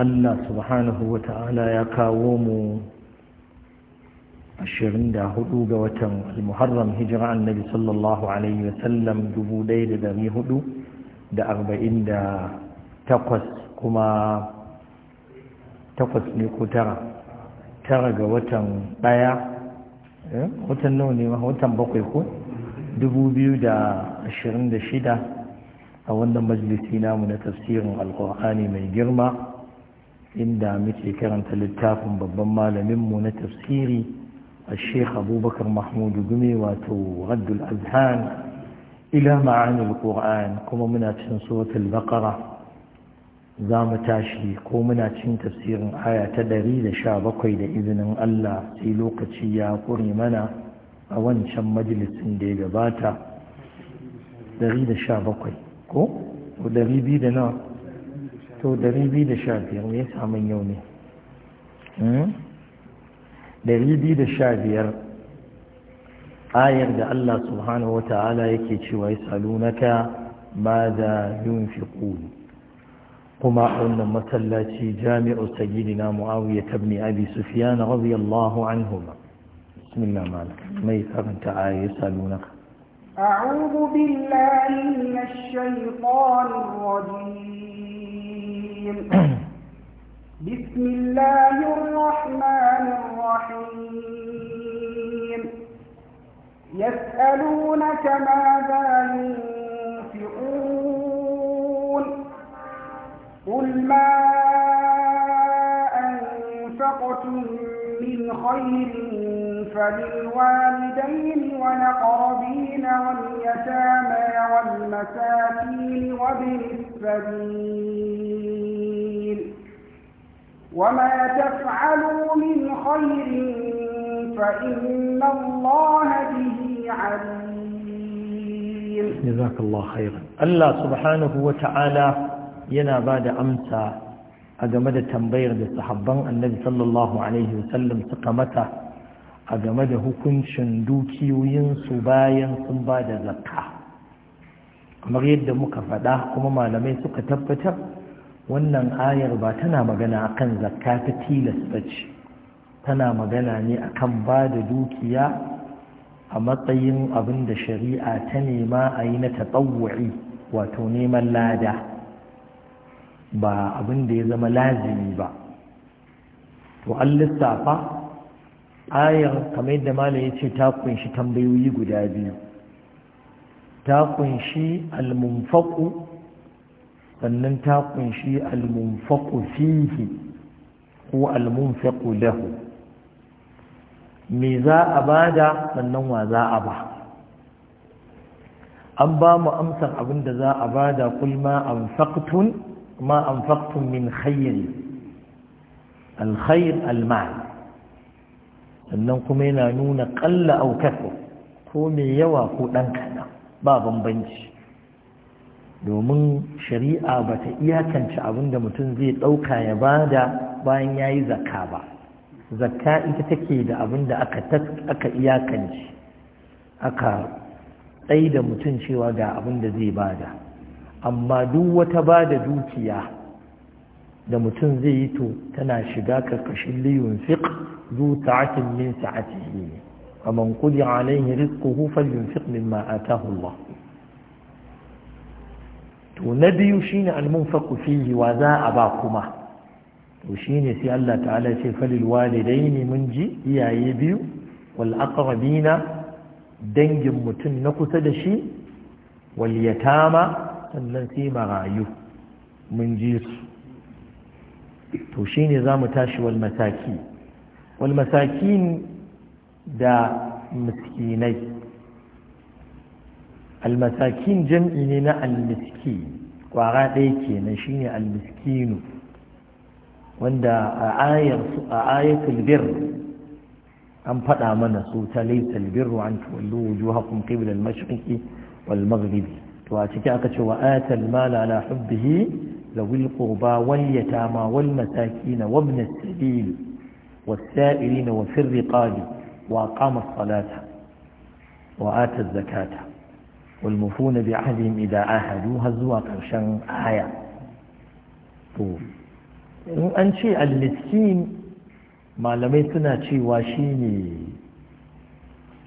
Allah subhanahu wa ta'ala ya kawo mu 24 ga watan al-muharram hijira annabi sallallahu alaihi wa sallam 1448 kuma takwas ne ko tara tara ga watan daya eh, watan nawa ne watan bakwai ko 2026 a wannan majalisi namu na tafsirin alkur'ani mai girma inda muke karanta littafin babban malaminmu na tafsiri a sheikh abubakar mahmud gumi wato raddul azhan ila ma'anil qur'an kuma muna cin suratul baqara za mu tashi ko muna cin tafsirin aya ta 117 da izinin Allah sai lokaci ya kure mana a wancan majalisin da ya gabata 117 ko 200 da nawa to biyu da 215 me ya samun yau ne 215 hmm? ayar da Allah subhanahu wa ta'ala yake cewa ya salunaka ma da yunfiqun kuma a wannan masallaci jami'u sayyidina muawiya ibn abi sufyan radiyallahu anhuma bismillah malik mai karanta ayar ya salunaka أعوذ بالله من الشيطان الرجيم الرجيم بسم الله الرحمن الرحيم يسألونك ماذا ينفقون قل ما أنفقتم من خير فللوالدين والأقربين واليتامى والمساكين وابن wa وما تفعلوا من خير فإن الله به عليم جزاك الله خيرا الله سبحانه وتعالى ينا بعد a game da tambayar da sahaban annabi sallallahu alaihi wasallam suka mata a game da hukuncin dukiyoyin su bayan sun ba da zakka kamar yadda muka faɗa kuma malamai suka tabbatar wannan ayar ba tana magana akan zakka ta tilasta ce tana magana ne akan ba da dukiya a matsayin abin da shari'a ta nema a yi na tatsawuri wato neman lada ba abin da ya zama lazimi ba to an lissafa ayar kamar yadda malam ya ce ta kunshi tambayoyi guda biyu ta kunshi almunfaku sannan ta kunshi almunfaku fihi ko almunfaku lahu me za a bada sannan wa za a ba an ba mu amsar abin da za a bada kul ma anfaqtun ma anfaqtum min khayr alkhayr almal sannan kuma yana nuna qalla aw kasu ko me yawa ko dan ba bambanci domin shari'a ba ta iyakance abin da mutum zai ɗauka ya bada bayan ya yi zakka ba zakka ita take da abin da aka iyakanci, aka tsaye da mutum cewa ga abin da zai bada amma duk wata ba da dukiya da mutum zai yi to tana shiga karkashin liyun fiƙ zuwa ta'akin min sa'atihi ne فمن قدر عليه رزقه فلينفق مما آتاه الله ونبي شين المنفق فيه وذا أباكما وشين سي الله تعالى شي فللوالدين منجي يا يبيو والأقربين دنج متن نقصد شي واليتامى sannan sai marayu mun ji su to shine za mu tashi wal masaki wal masakin da miskinai almasakin jam'i ne na almiski kwara ɗaya kenan shine almiskinu wanda a ayatul bir an faɗa mana su ta laisal birru an tuwallu wujuhakum qibla al wal maghribi to a ciki aka ce wa atal mala ala hubbihi zawil qurba wal yatama wal masakin wa ibn as وأقام الصلاة وآتى الزكاة والمفون بعهدهم إذا عاهدوا هزوا قرشا آية an ce al-miskin malamai suna cewa shine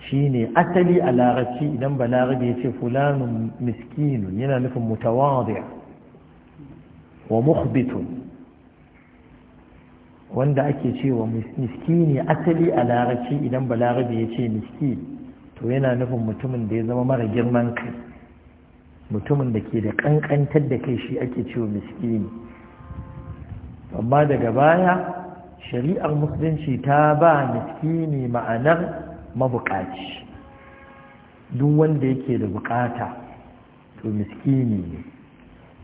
shine asali a larabci idan balarabe ya ce fulanun miskinun yana nufin mutawadi wa mukhbitun wanda ake cewa miskini asali a larabci idan balarabe ya ce miski to yana nufin mutumin da ya zama mara girman kai mutumin da ke da kankantar da kai shi ake cewa miskini amma daga baya shari'ar musulunci ta ba miskini ma'anar mabukaci duk wanda yake da bukata to miskini ne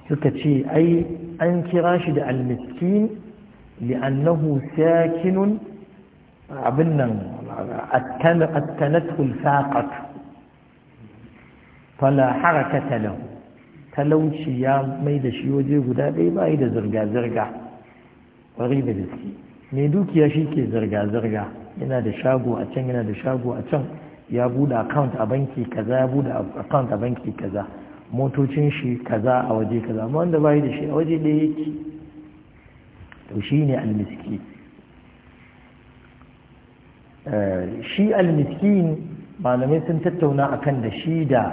suka ce ai an kira shi da almiskin li'annahu sakinun abin nan attanatu alfaqat fala harakata lahu talauci ya mai da shi waje guda ɗaya ba da zirga-zirga ƙwari da gaske mai dukiya shi ke zirga-zirga yana da shago a can yana da shago a can ya buɗe account a banki kaza ya buɗe account a banki kaza motocin shi kaza a waje kaza amma wanda bai da shi a waje ɗaya yake to shine almiskin eh, shi almiskin malamai sun tattauna akan da shi da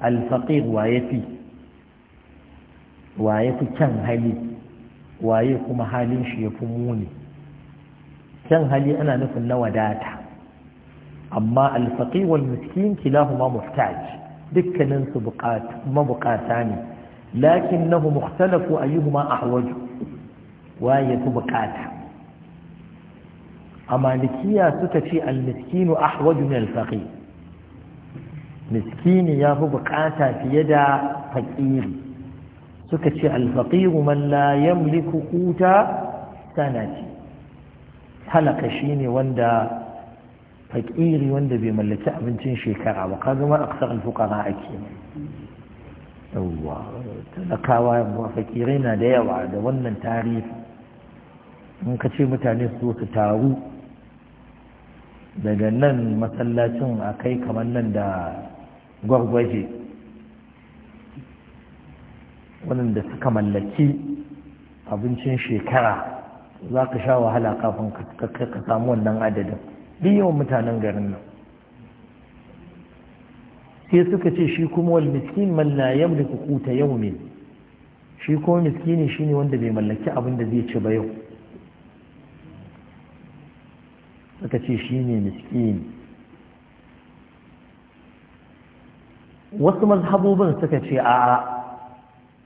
alfaqir waye fi fi kyan hali waye kuma halin shi ya fi muni kyan hali ana nufin na wadata amma alfaqi wal miskin kilahuma muhtaj dukkanin su mabukata ne lakinnahu mukhtalafu a ahwaju waye fi bukata a malikiya suka ce almiskinu ahwaju min alfaqi miskini ya fi bukata fiye da faƙiri suka ce alfaqiru man la yamliku quta sanati halaka shine wanda faƙiri wanda bai mallaki abincin shekara ba kaga ma aksar alfuqara ake yawwa talakawa faƙirai na da yawa da wannan tarihi in ka ce mutane su su taru daga nan masallacin a kai kamar nan da gwagwaje, waɗanda suka mallaki abincin shekara za ka sha wahala kafin ka samu wannan adadin duk yawan mutanen garin nan sai suka ce shi kuma wal miskin man la yamliku quta yawmin shi kuma miskini shine wanda bai mallaki abin da zai ci ba yau suka ce shi ne miskini wasu mazhabobin suka ce a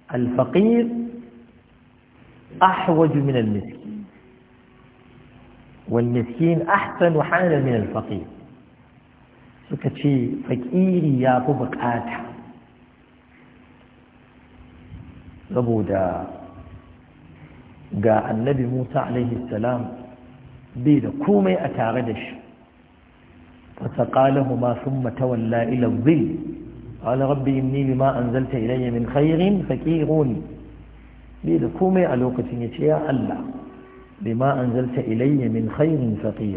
alfaƙir ahwaju min almiskin والمسكين أحسن حالا من الفقير suka ce fakiri ya fi saboda ga annabi musa alaihi salam bai da a tare da shi fata ƙalahu ma sun matawan la'ilar zil ƙala rabbi yin nimi an zalta ilayya min khairin faƙi roni komai a lokacin ya ce ya Allah bai an zalta ilayya min khairin faƙi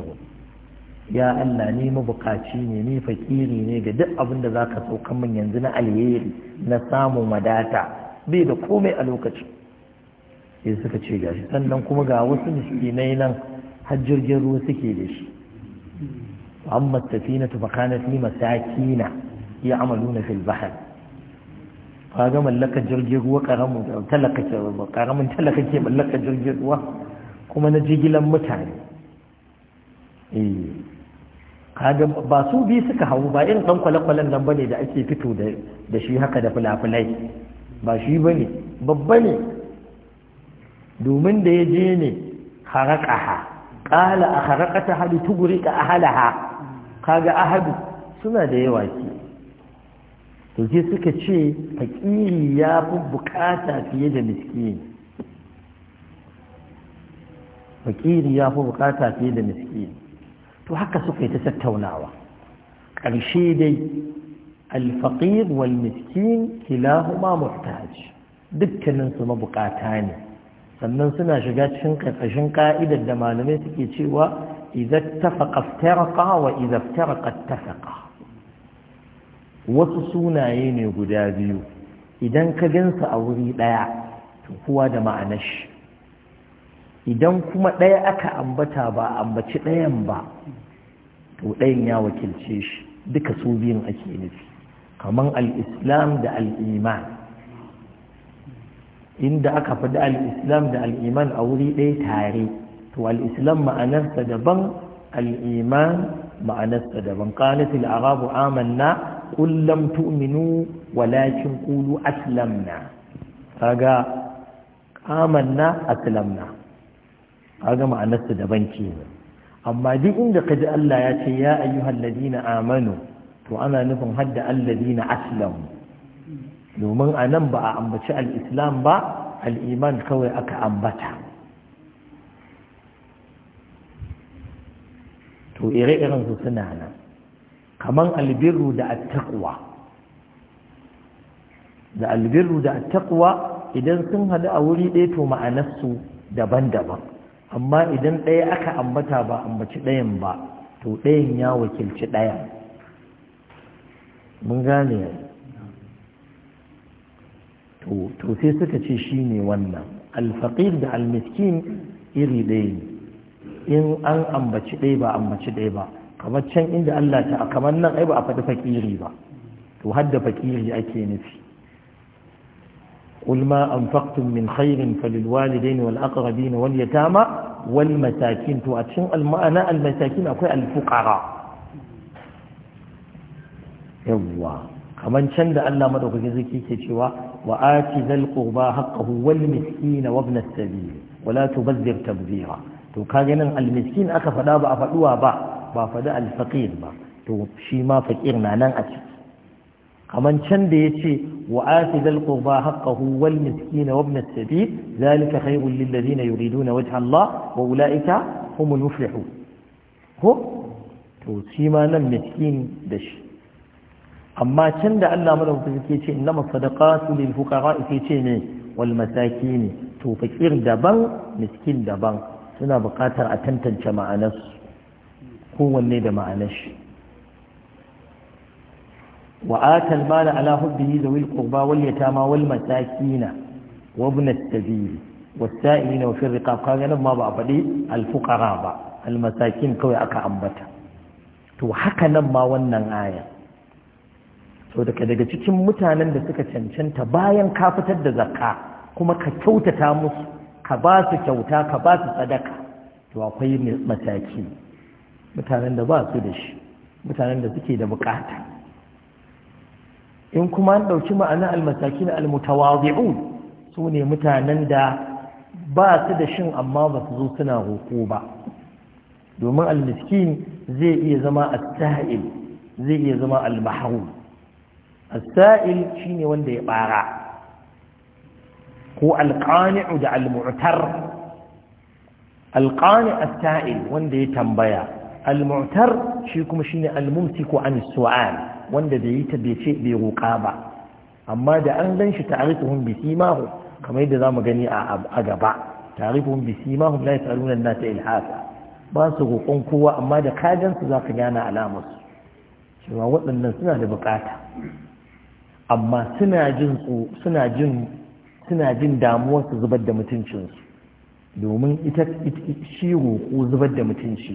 ya Allah ne mabuƙaci ne ne faƙiri ne ga duk abinda za ka sauka min yanzu na alheri na samu madata bai komai a lokacin sai suka ce gashi sannan kuma ga wasu miskinai nan hajjirgin ruwa suke da shi amma tafina ta fakana fi masakina ya amalu na filbahar ka ga mallaka jirgin ruwa karamin talaka ke mallaka jirgin ruwa kuma na jigilan mutane eh, kaga ba su bi suka hau ba irin ɗan kwale-kwalen nan bane da ake fito da shi haka da fulafulai ba shi ne. babba ne domin da ya je ne harakaha ƙala a harakata hadu tuguri ka ahalaha kaga ahadu suna da yawa ke to suka ce fakiri ya fi bukata fiye da miskin, fakiri ya fi bukata fiye da to haka suka yi ta tattaunawa ƙarshe dai alfaƙir wal miskin kuma muhtaj dukkaninsu mabukata ne sannan suna shiga cikin karkashin ka'idar da malamai suke cewa idan tafaka iftaraka wa idan iftaraka tafaka wasu sunaye ne guda biyu idan ka gansa a wuri ɗaya to kowa da ma'anar shi idan kuma ɗaya aka ambata ba ambaci ɗayan ba to ɗayan ya wakilce shi duka su biyun ake nufi kamar al-islam da al-iman inda aka faɗi al'islam da al'iman a wuri ɗaya tare to al'islam ma'anarsa daban al'iman ma'anarsa daban ƙalatul arabu amanna kullum tu'minu walakin qulu aslamna kaga amanna aslamna kaga ma'anarsa daban kenan amma duk inda ka ji Allah ya ce ya ayyuhal ladina amanu to ana nufin hadda alladina aslamu domin a nan ba a ambaci al'islam ba al'iman kawai aka ambata to ire-iren su suna nan kaman albirru da attaqwa da albirru da attaqwa idan sun hadu a wuri ɗaya to ma'anarsu daban-daban amma idan ɗaya aka ambata ba ambaci ɗayan ba to ɗayan ya wakilci ɗayan mun gane yanzu to sai suka ce shi ne wannan alfaqir da almiskin iri ɗaya ne in an ambaci ɗaya ba ambaci ɗaya ba kamar can inda Allah ta a kamar nan ai ba a faɗi fakiri ba to hadda fakiri ake nufi ulma an faktun min khairin falil walidai ne wal'akarabi ne wani ya tama wani matakin to a cikin al'ma'ana al akwai alfukara yawwa kamar can da Allah maɗaukaki zaki ke cewa wa ati zal qurba haqqahu wal miskin wa ibn as-sabil wa la tubazzir tabzira to kage nan al miskin aka faɗa ba a faduwa ba ba fada al faqir ba to shi ma faqir na nan a ciki kaman can da yace wa ati zal qurba haqqahu wal miskin wa ibn as-sabil zalika khayrun lil ladina yuriduna wajha Allah wa ulaika humul muflihun ko to shi ma nan miskin da shi amma can da Allah madaukakin sarki ce innama sadaqatu lil fuqara sai ce ne wal masakin to fakir daban miskin daban suna buƙatar a tantance ma'anar kowanne da ma'anar shi wa atal mala ala hubbihi zawil qurba wal yatama wal masakin wa ibn as-sabil والسائلين وفي الرقاب كان ما بعبدي الفقراء المساكين كوي aka ambata to haka nan ma wannan aya so daga daga cikin mutanen da suka cancanta bayan ka fitar da zakka kuma ka kyautata musu ka ba su kyauta ka ba su sadaka to akwai mataki mutanen da ba su da shi mutanen da suke da bukata in kuma an ɗauki ma'ana almataki almutawazi'u su ne mutanen da ba su da shin amma ba su zo suna roƙo ba domin almiskin zai iya zama al zai iya zama al as-sa'il shine wanda ya bara ko alqani'u da al-mu'tar alqani wanda ya tambaya al shi kuma shine al-mumsiku an as-su'al wanda bai yi tabbace bai roƙa ba amma da an gan shi ta'rifuhum bi simahu kamar yadda zamu gani a gaba ta'rifuhum bi simahum la yas'aluna an-nasa ilhafa ba su roƙon kowa amma da kajansu za ka gane alamarsu cewa waɗannan suna da buƙata amma suna jin suna jin suna jin damuwar su zubar da mutuncinsu domin ita shi roƙo zubar da mutunci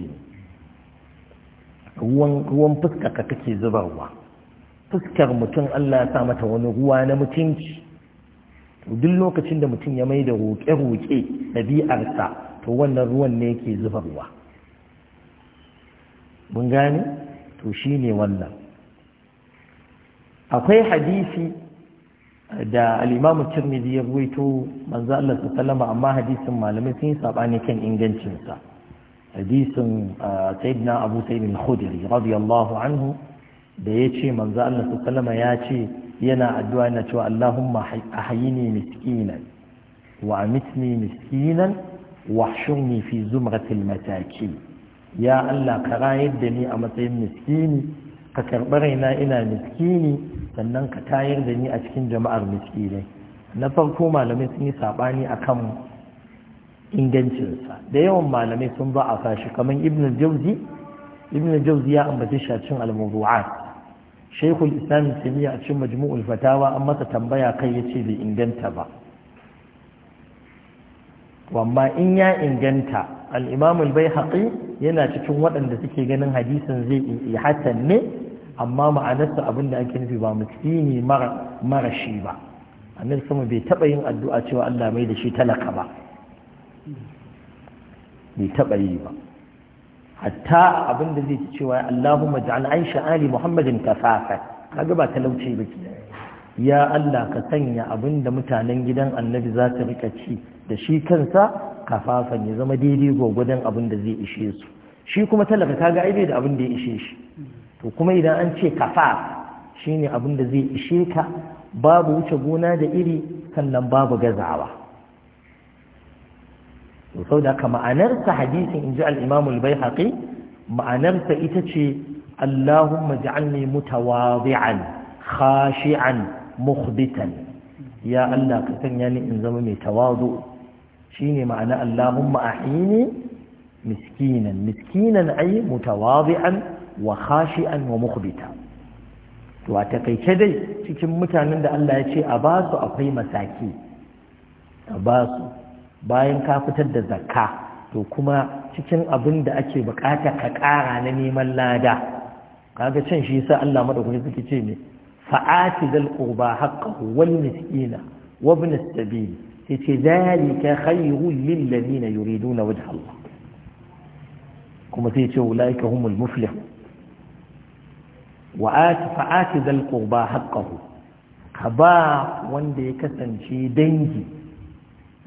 ne ruwan fuska ka kake zubarwa fuskar mutum Allah ya sa mata wani ruwa na mutunci to duk lokacin da mutum ya mai da roƙe-roƙe ɗabi'arsa to wannan ruwan ne yake zubarwa mun gane to shine ne wannan akwai hadisi da al'imamu tirmidhi ya ruwaito manzo Allah sallama amma hadisin malamai sun yi sabani kan ingancinsa hadisin ah, na Abu Sa'id al-Khudri radiyallahu anhu da yace manzo Allah sallama ya ce yana addu'a na cewa Allahumma ne miskinan wa amitni miskinan wahshurni fi zumratil mataki ya Allah ka rayar da ni a matsayin miskini ka karɓi raina ina miskini sannan ka tayar da ni a cikin jama'ar miskinai na farko malamai sun yi saɓani a kan ingancinsa da yawan malamai sun ba a fashi kamar ibn jauzi ibn jauzi ya ambaci shi a cikin al-mawdu'at islam a cikin majmu'ul fatawa an masa tambaya kai yace bai inganta ba amma in ya inganta al imamul al yana cikin waɗanda suke ganin hadisin zai yi hasan ne amma ma'anarsa abin da ake nufi ba miskini mara shi ba annabi sama bai taɓa yin addu'a cewa Allah mai da shi talaka ba bai taɓa yi ba hatta abin da zai ci cewa Allahumma ja'al aisha ali muhammadin kafafa kaga ba talauci ba ke ya Allah ka sanya abin da mutanen gidan annabi za su rika ci da shi kansa kafafan ya zama daidai gwagwadon abin da zai ishe su shi kuma talaka kaga ai bai da abin da ya ishe shi to kuma idan an ce kafa shine abin da zai ishe ka babu wuce gona da iri sannan babu gazawa to sau da ma'anarsa hadisin in ji al'imamul bai haƙi ma'anarsa ita ce allahumma ja'alni mutawazi'an khashi'an mukhbitan ya Allah ka sanya ni in zama mai tawazu shine ma'ana allahumma ahini miskinan miskinan ay mutawazi'an wa khashi'an wa mukhbita wa takaice dai cikin mutanen da Allah ya ce a ba su akwai masaki a ba su bayan ka fitar da zakka to kuma cikin abin da ake bukata ka kara na neman lada kaga can shi yasa Allah madaukaki suke ce ne fa'ati dal qurba haqqahu wal miskina wa ibn as-sabil yace dalika khayrun lil ladina yuriduna wajha Allah kuma sai ce ulaika humul muflihun wa fa'ati zal qurba haqqahu ka ba wanda ya kasance dangi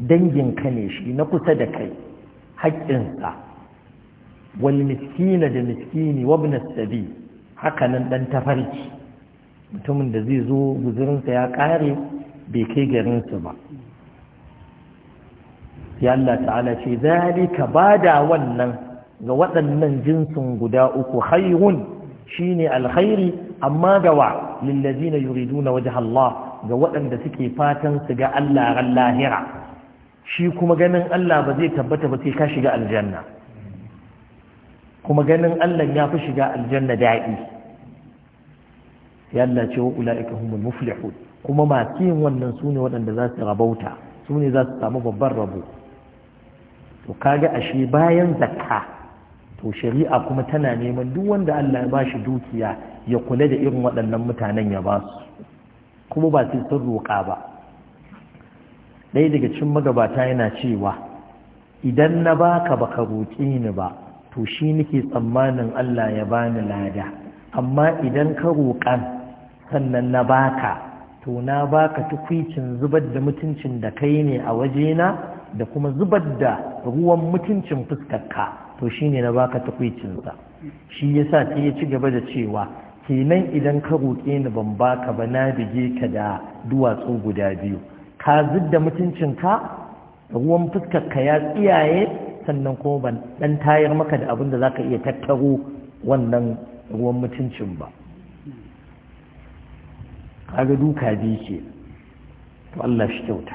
dangin ka ne shi na kusa da kai haƙƙinsa wal miskina da miskini wa ibn sabi haka nan dan tafarki mutumin da zai zo guzurinsa ya ƙare bai kai garinsa ba Ya Allah ta'ala ce zalika bada wannan ga waɗannan jinsin guda uku haihun. shine alkhairi amma ga wa lillazina yuriduna wajha Allah ga waɗanda suke fatan su ga Allah ran lahira shi kuma ganin Allah ba zai tabbata ba sai ka shiga aljanna kuma ganin Allah ya fi shiga aljanna daɗi ya Allah ce wa ula'ika humul muflihun kuma masu yin wannan su ne waɗanda za su rabauta su ne za su samu babban rabo to kaga ashe bayan zakka to shari'a kuma tana neman duk wanda Allah ya bashi dukiya ya kula da irin waɗannan mutanen ya ba su kuma ba sai sun roƙa ba ɗaya daga cikin magabata yana cewa idan na baka baka roƙi ni ba to shi nake tsammanin Allah ya bani lada amma idan ka roƙan sannan na baka to na baka tukwicin zubar da mutuncin da kai ne a waje na, da kuma zubar da ruwan mutuncin fuskarka to shi ne na baka takwicinsa shi yasa ta ya ci gaba da cewa kenan idan ka roƙe ni ban baka ba na bige ka da duwatsu guda biyu ka zidda mutuncinka ruwan fuskarka ya tsiyaye sannan kuma ban dan tayar maka da abin da za ka iya tattaro wannan ruwan mutuncin ba kaga duka biyu ke to Allah shi kyauta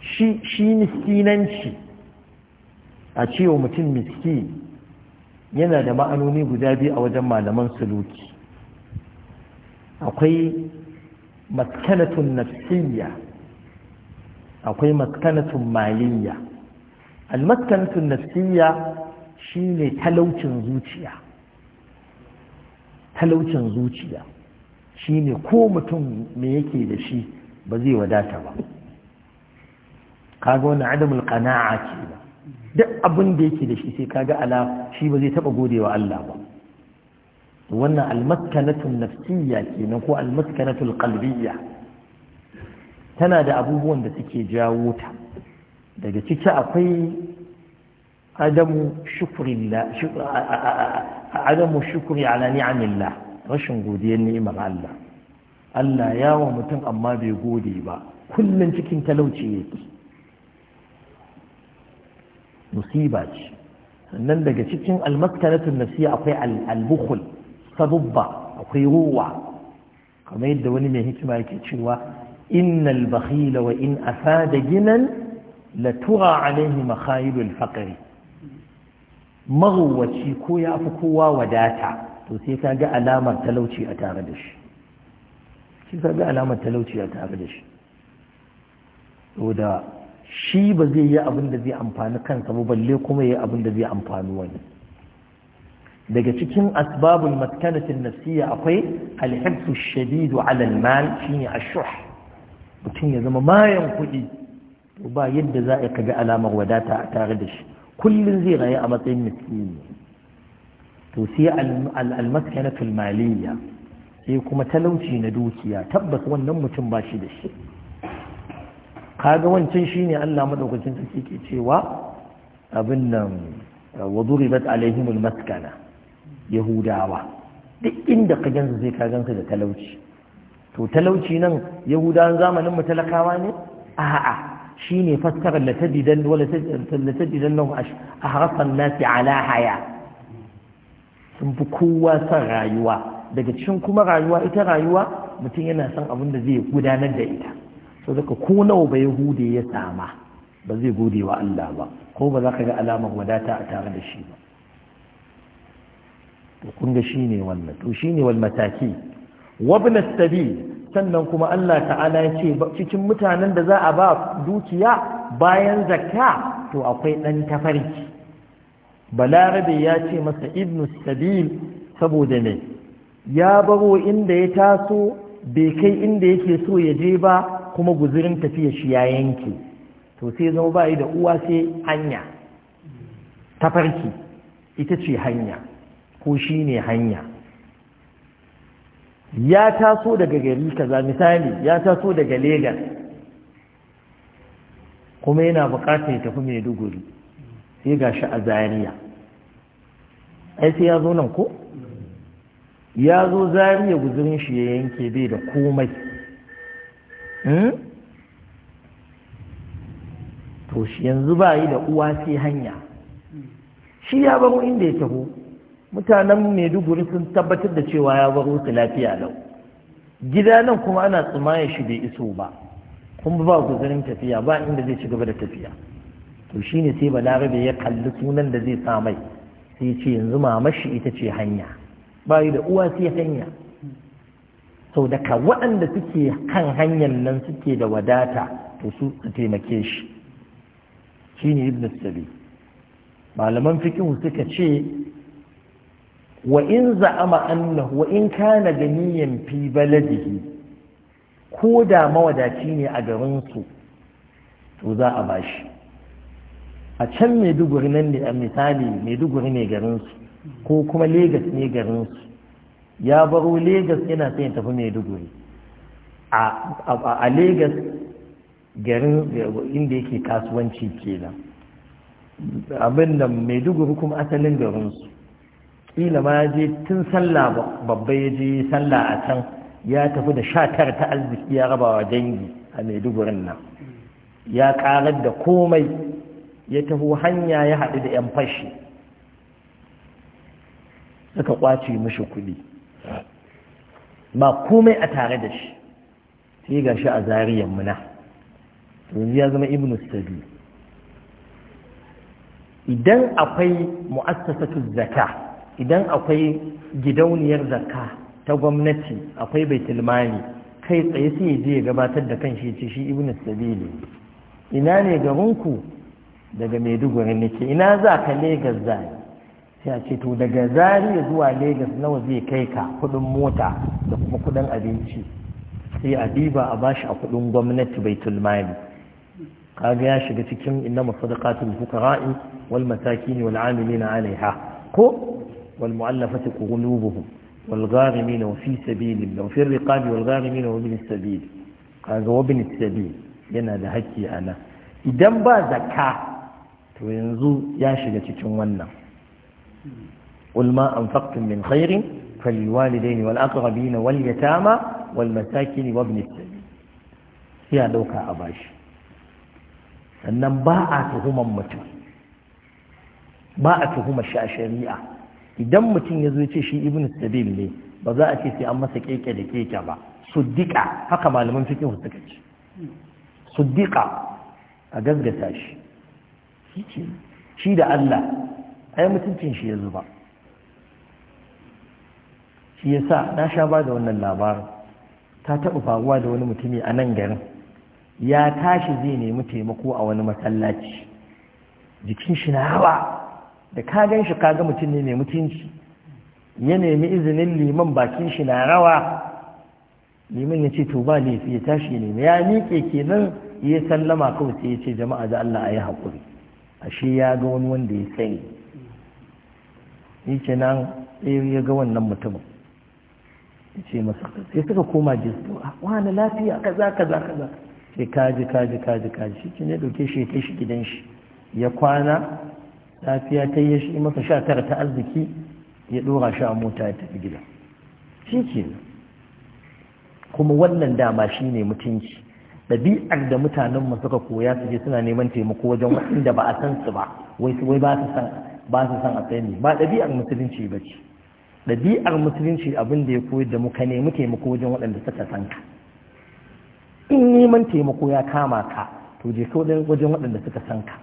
shi shi miskinanci a cewa mutum miski yana da ma'anoni guda biyu a wajen malaman suluki akwai maskanatun nafsiyya akwai maskanatun maliyya almaskanatun nafsiyya shine talaucin zuciya talaucin zuciya shine ko mutum me yake da shi ba zai wadata ba kaga wani adamul qana'a kenan duk abin da yake da shi sai kaga ala shi ba zai taba godewa Allah ba wannan almaskanatu nafsiyya kenan ko almaskanatu qalbiyya tana da abubuwan da suke jawo ta daga ciki akwai adamu shukrillah adamu shukri ala ni'amillah rashin godiyar ni'imar Allah Allah ya wa mutum amma bai gode ba kullum cikin talauci yake musiba ce sannan daga cikin almaskanatun nafsiya akwai albukhul sabubba akwai ruwa kamar yadda wani mai hikima yake cewa innal bakhila wa in afada ginan la tura alaihi makhayilul faqri maruwaci ko ya fi kowa wadata to sai ka ga alamar talauci a tare da shi sai ka ga alamar talauci a tare da shi shi ba zai yi abin da zai amfani kansa ba balle kuma yi abin da zai amfani wani daga cikin asbabul matkanatin nafsiyya akwai alhibsu shadidu ala almal shine ashuh mutum ya zama mayan kuɗi ba yadda za a kaga alamar wadata a tare da shi kullum zai rayu a matsayin miskini to sai almaskanatul maliyya sai kuma talauci na dukiya tabbas wannan mutum ba shi da shi kaga wancan shine Allah madaukakin sarki ke cewa abin nan wa duribat alaihimul maskana yahudawa duk inda ka gansu sai ka gansu da talauci to talauci nan yahudawan zamanin mu talakawa ne a'a shine fassarar la tajidan wala la tajidan lahu ahrasan nasi ala haya sun fi kowa son rayuwa daga cikin kuma rayuwa ita rayuwa mutum yana son abin da zai gudanar da ita so daga ko nawa ba yahude ya sama ba zai gode wa Allah ba ko ba za ka ga alamar wadata a tare da shi ba to kun ga ne wannan to ne wal mataki Wabna sabil sannan kuma Allah ta'ala ya ce cikin mutanen da za a ba dukiya bayan zakka to akwai ɗan tafarki balarabe ya ce masa ibn sabil saboda ne ya baro inda ya taso bai kai inda yake so ya je ba kuma guzurin tafiya shi ya yanke to sai zama bayi da uwa sai hanya Ta farki ita ce hanya ko shi ne hanya ya taso daga gari kaza misali ya taso daga Legas kuma yana bukatar ya tafi maiduguri sai ga shi a Zariya. ai sai ya zo nan ko ya zo Zariya guzurin shi ya yanke bai da komai Hmm? to shi yanzu ba yi da uwa sai hanya shi ya baro inda ya taho mutanen maiduguri sun tabbatar da cewa ya baro su lafiya lau gida nan kuma ana tsima shi bai iso ba kuma ba guzarin tafiya ba inda zai ci gaba da tafiya to shine sai balarabe ya kalli sunan da zai samai sai ce yanzu mamashi ita ce hanya ba yi da uwa sai hanya sau daga waɗanda suke kan hanyar nan suke da wadata to su taimake shi shi ne ibn sabi malaman fikihu suka ce wa in za'ama annahu wa in kana ganiyan fi baladihi ko da mawadaci ne a garinsu to za a bashi a can maiduguri nan ne a misali maiduguri ne garinsu ko kuma Legas ne garinsu ya baro Legas yana sai ya tafi Maiduguri a Legas garin inda yake kasuwanci kenan abin da Maiduguri kuma asalin garinsu kila ma je tun sallah babba ya je sallah a can ya tafi da shatar ta arziki ya rabawa dangi a Maidugurin nan ya karar da komai ya tafi hanya ya haɗu da 'yan fashi suka kwace mishi kuɗi ba komai a tare da shi sai ga shi a zariyan muna yanzu ya zama ibn sabi idan akwai mu'assasatu zaka idan akwai gidauniyar zaka ta gwamnati akwai mali kai tsaye sai je ya gabatar da kan shi ce shi sabi ne. ina ne garinku daga maiduguri nake ina za ka legas zai sai a ce to daga zariya zuwa Legas nawa zai kai ka kudin mota da kuma kudin abinci sai a diba a bashi a kudin gwamnati baitul mali kaga ya shiga cikin inna masadaqatul fuqara'i wal masakin wal amilina alaiha ko wal mu'allafati qulubuhum wal gharimin wa fi sabilillah wa fi riqab wal gharimin wa sabil kaga wa bin sabil yana da haƙƙi ana idan ba zakka to yanzu ya shiga cikin wannan قل ما أنفقتم من خير فللوالدين والأقربين واليتامى والمساكين وابن السبيل يا دوكا أباشي sannan ba a tuhuman mutum ba a tuhumar shi a shari'a idan mutum ya zo ce shi ibn sabil ne ba za a ce sai an masa keke da keke ba suddiqa haka malaman fiqh suka ce suddiqa a gaggata shi shi da Allah ai mutuncin shi ya zuba shi ya sa na sha ba da wannan labarin ta taɓa faruwa da wani mutumi a nan garin ya tashi zai nemi taimako a wani masallaci jikin shi na hawa da ka gan shi kaga mutum ne mai mutunci ya nemi izinin liman bakin shi na rawa liman ya ce to ba ne ya tashi ne ya miƙe kenan ya sallama kawai sai ya ce jama'a da Allah a yi haƙuri ashe ya ga wani wanda ya sani yake nan ya ga wannan mutumin ya ce masa sai suka koma gizo a ah, wani lafiya kaza kaza kaza sai kaji kaji kaji kaji shi ne dauke shi ya shi gidan shi ya kwana lafiya ta yi shi masa sha tara ta arziki ya dora sha mota ya tafi gida shi ke kuma wannan dama shi ne mutunci ɗabi'ar da mutanenmu suka koya su suna neman taimako wajen waɗanda ba a san su ba wai wai ba su san ba su san a ne, ba ɗabi'ar musulunci ba ce ɗabi'ar musulunci abin da ya koyar da muka nemi taimako wajen waɗanda suka san ka in neman taimako ya kama ka to je ka wajen waɗanda suka san ka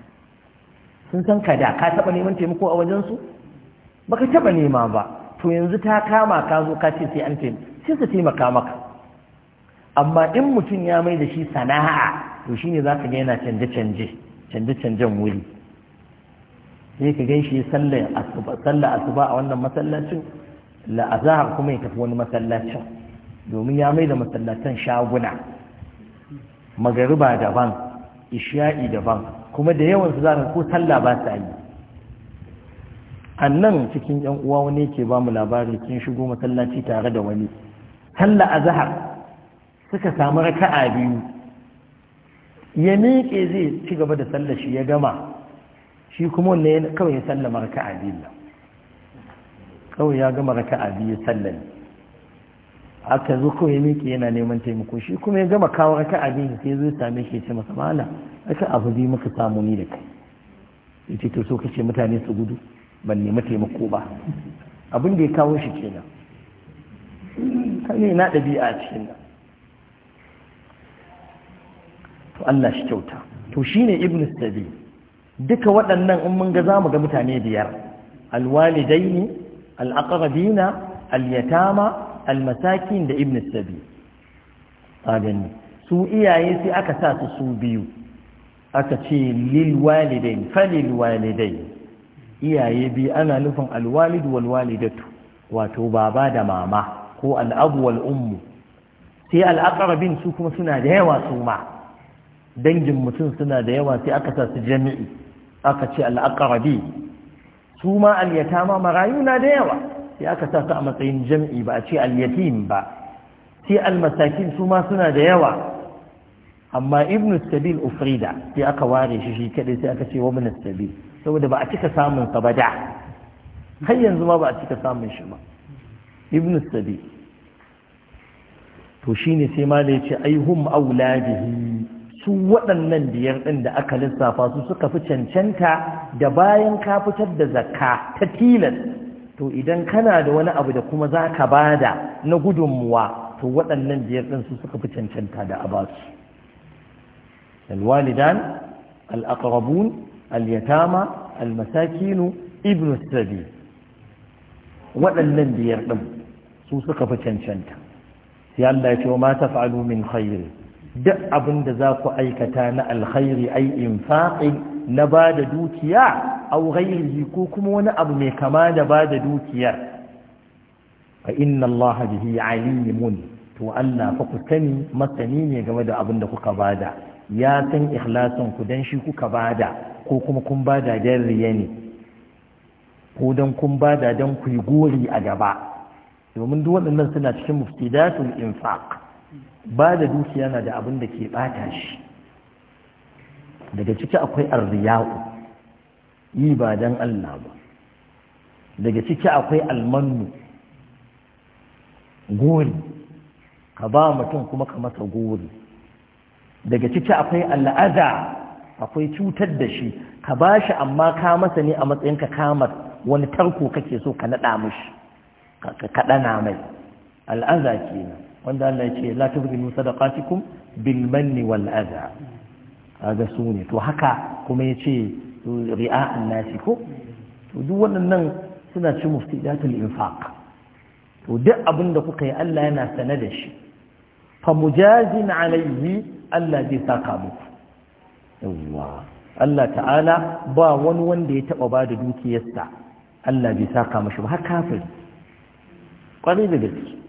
sun san ka da ka taɓa neman taimako a wajensu ba ka taɓa nema ba to yanzu ta kama ka zo ka ce sai an taimaka sai su taimaka maka amma in mutum ya mai da shi sana'a to shine za ka ga yana canje-canje canje-canjen wuri sai ka gan shi sallar asuba a wannan masallacin la'azahar kuma ya tafi wani masallacin domin ya mai da masallacin shaguna magariba daban isha'i daban kuma da yawan su zaka ko sallah ba sa yi annan cikin yan uwa wani yake ba mu labari kin shigo masallaci tare da wani sallah azhar suka samu raka'a biyu ya miƙe zai ci gaba da sallar shi ya gama shi kuma wanne kawai ya sallama a biyu kawai ya gama raka a biyu sallami aka zo kawai ya miƙe yana neman taimako shi kuma ya gama kawo a biyu sai zo ya same shi ya ce masa mala raka abu biyu muka samu ni da kai ya ce to so kace mutane su gudu ban nemi taimako ba abin da ya kawo shi kenan kane na ɗabi'a a cikin nan to Allah shi kyauta to shine ibn Sabil. duka waɗannan in mun ga za mu ga mutane biyar alwalidai ne al alyatama al da ibn sabi agani su iyaye sai aka sa su su biyu aka ce lil falilwalidai iyaye biyu ana nufin alwalid wal walidatu wato baba da mama ko al'abu wal sai al'aqrabin su kuma suna da yawa su ma dangin mutum suna da yawa sai aka sa su jami'i aka ce al'aqrabi su ma al ma marayu na da yawa sai aka sa su a matsayin jam'i ba a ce al-yatim ba sai al su ma suna da yawa amma ibn sabil ufrida sai aka ware shi shi kadai sai aka ce wa ibn sabil saboda ba a cika samun sa ba da har yanzu ma ba a cika samun shi ba ibn sabil to shine sai ma da yace ai hum auladihi su waɗannan biyar ɗin da aka lissafa su suka fi cancanta da bayan ka fitar da zakka ta tilas to idan kana da wani abu da kuma za ka da na gudunmuwa to waɗannan biyar ɗin su suka fi cancanta da a basu alwalidan al'akarabun al'yatama, almasakinu al-masakinu ibn sabi waɗannan biyar ɗin su suka fi cancanta sai Allah ya ce wa ma min duk abin da za ku aikata na alkhairi ai infaqin na ba da dukiya au ghairihi ko kuma wani abu mai kama da ba da dukiyar fa inna allaha bihi alimun to Allah fa ku sani masani ne game da abin da kuka bada ya san ikhlasin ku dan shi kuka bada ko kuma kun bada dan riya ne ko dan kun bada dan ku yi gori a gaba domin duk waɗannan suna cikin muftidatul infaq ba da dukiya na da abin da ke bata shi daga ciki akwai arziyaku yi ba don Allah ba daga ciki akwai almanu gori ka ba mutum kuma ka masa gori daga ciki akwai al'aza akwai cutar da shi ka ba shi amma ka masa ne a matsayin ka kamar wani tarko kake so ka naɗa mashi ka ɗana mai al'aza kenan wanda Allah ya ce la tubghinu sadaqatikum bil manni wal adha kaga su ne to haka kuma yace ri'a nasi ko to duk nan suna ci muftidatul infaq to duk abin da kuka yi Allah yana sane da shi fa mujazin alayhi Allah zai saka muku yawwa Allah ta'ala ba wani wanda ya taba ba da dukiyarsa Allah bai saka mashi ba har kafiri kwarai da gaske